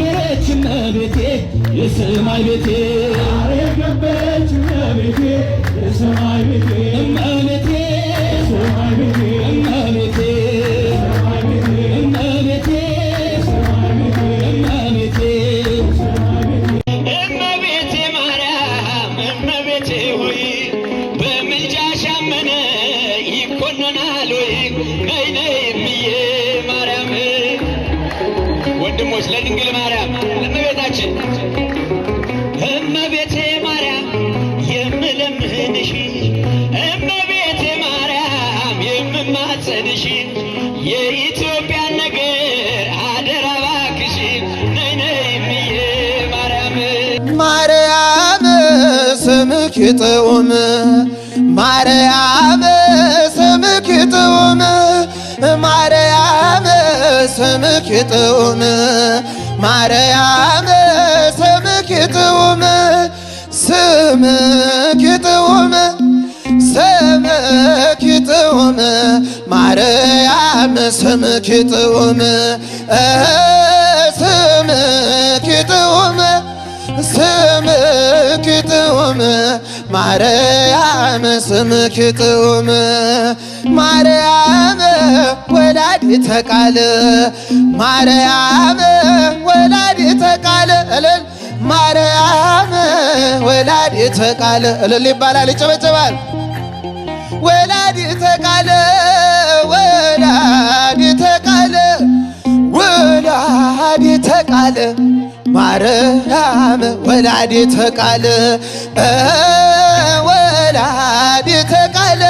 የከበረች እመቤቴ የሰማይ ቤቴ ሆይ በምልጃሽ አመነ ይኮነናል ወይ ነይ ነይ ለቅዱስ ለድንግል ማርያም ለእመቤታችን እመቤቴ ማርያም የምለምንሽ እመቤቴ ማርያም የምማጸንሽ የኢትዮጵያን ነገር አደራ እባክሽ ነይ ነይ እምዬ ማርያም ማርያም ስምኪ ጥዑም ማርያም ስምኪ ጥዑም ሰምኪጥውም ማርያም ሰምኪጥውም ስምኪጥውም ስምኪጥውም ማርያም ስምኪጥውም ስምኪጥውም ስምኪጥውም ማርያም ስምኪጥውም ማርያም ወላዲተ ቃል ማርያም ወላዲተ ቃል እልል ማርያም ወላዲተ ቃል እልል ይባላል፣ ይጨበጨባል። ወላዲተ ቃል ወላዲተ ቃል ወላዲተ ቃል ማርያም ወላዲተ ቃል ወላዲተ ቃል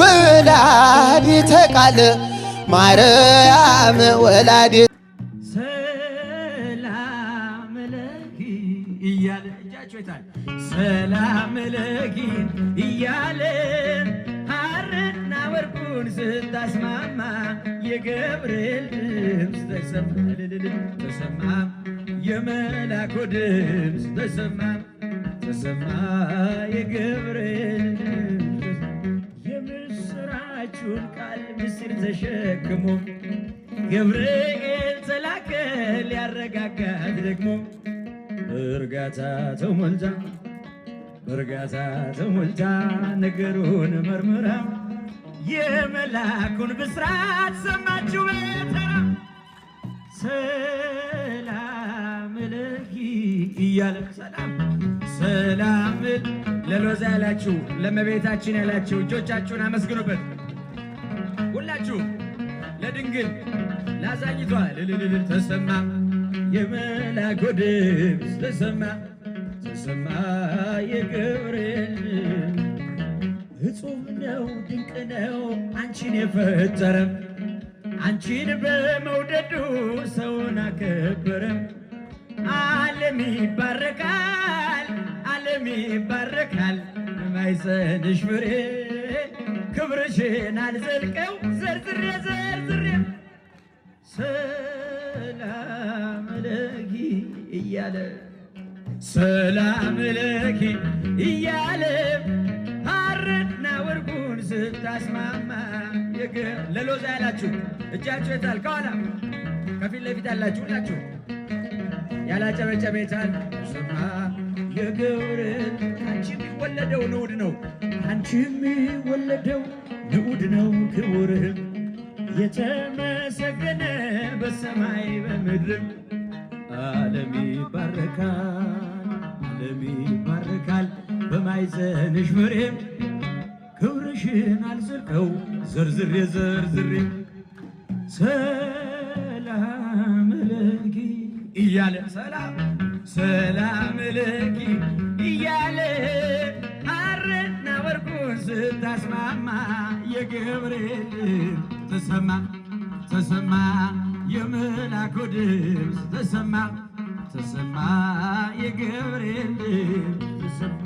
ወላዲተ ቃል ማርያም ወላዲ ሰላም ለኪ እያለ እጃቸው ይታል ሰላም ለኪ እያለ ሐርና ወርቁን ስታስማማ የገብርኤል ድምፅ ተሰማ፣ የመላኩ ድምፅ ተሰማ ተሰማ የገብርኤል የሰማችሁን ቃል ምስር ተሸክሞ ገብርኤል ተላከ ሊያረጋጋት ደግሞ እርጋታ ተሞልታ እርጋታ ተሞልታ ነገሩን መርምራ የመላኩን ብስራት ሰማችሁ በተራ ሰላም ለኪ እያለ ሰላም ሰላም ለሎዛ ያላችሁ ለመቤታችን ያላችሁ እጆቻችሁን አመስግኑበት። ግን ላዛኝቷ ልልልል ተሰማ የመላኩ ድምፅ ተሰማ ተሰማ የገብርኤል እጹብ ነው ድንቅ ነው አንቺን የፈጠረም! አንቺን በመውደዱ ሰውን አከበረ። ዓለም ይባረካል ዓለም ይባረካል በማኅፀንሽ ፍሬ ክብርሽን አልዘልቀው ዘርዝሬ ሰላም ለኪ እያለ ሰላም ለኪ እያለ ሐርና ወርቁን ስታስማማ ለሎዛ ያላችሁ እጃችሁ የታል? ከኋላ ከፊት ለፊት ያላችሁ ናችሁ ያላጨበጨበ የታል? ስማ የገብርን አንቺ የሚወለደው ንዑድ ነው። አንቺ የሚወለደው ንዑድ ነው ክቡርህም የተመስ በሰማይ በምድርም ዓለም ይባረካል ዓለም ይባረካል በማይዘንሽ ፍሬም ክብርሽን አልዘልቀው ዘርዝሬ ዘርዝሬ ሰላም ለኪ እያለ ሰላም ሰላም ለኪ እያለ ሐርና ወርቁን ስታስማማ የገብርኤል ተሰማ ተሰማ የመላኩ ድምፅ ተሰማ ተሰማ የገብርኤል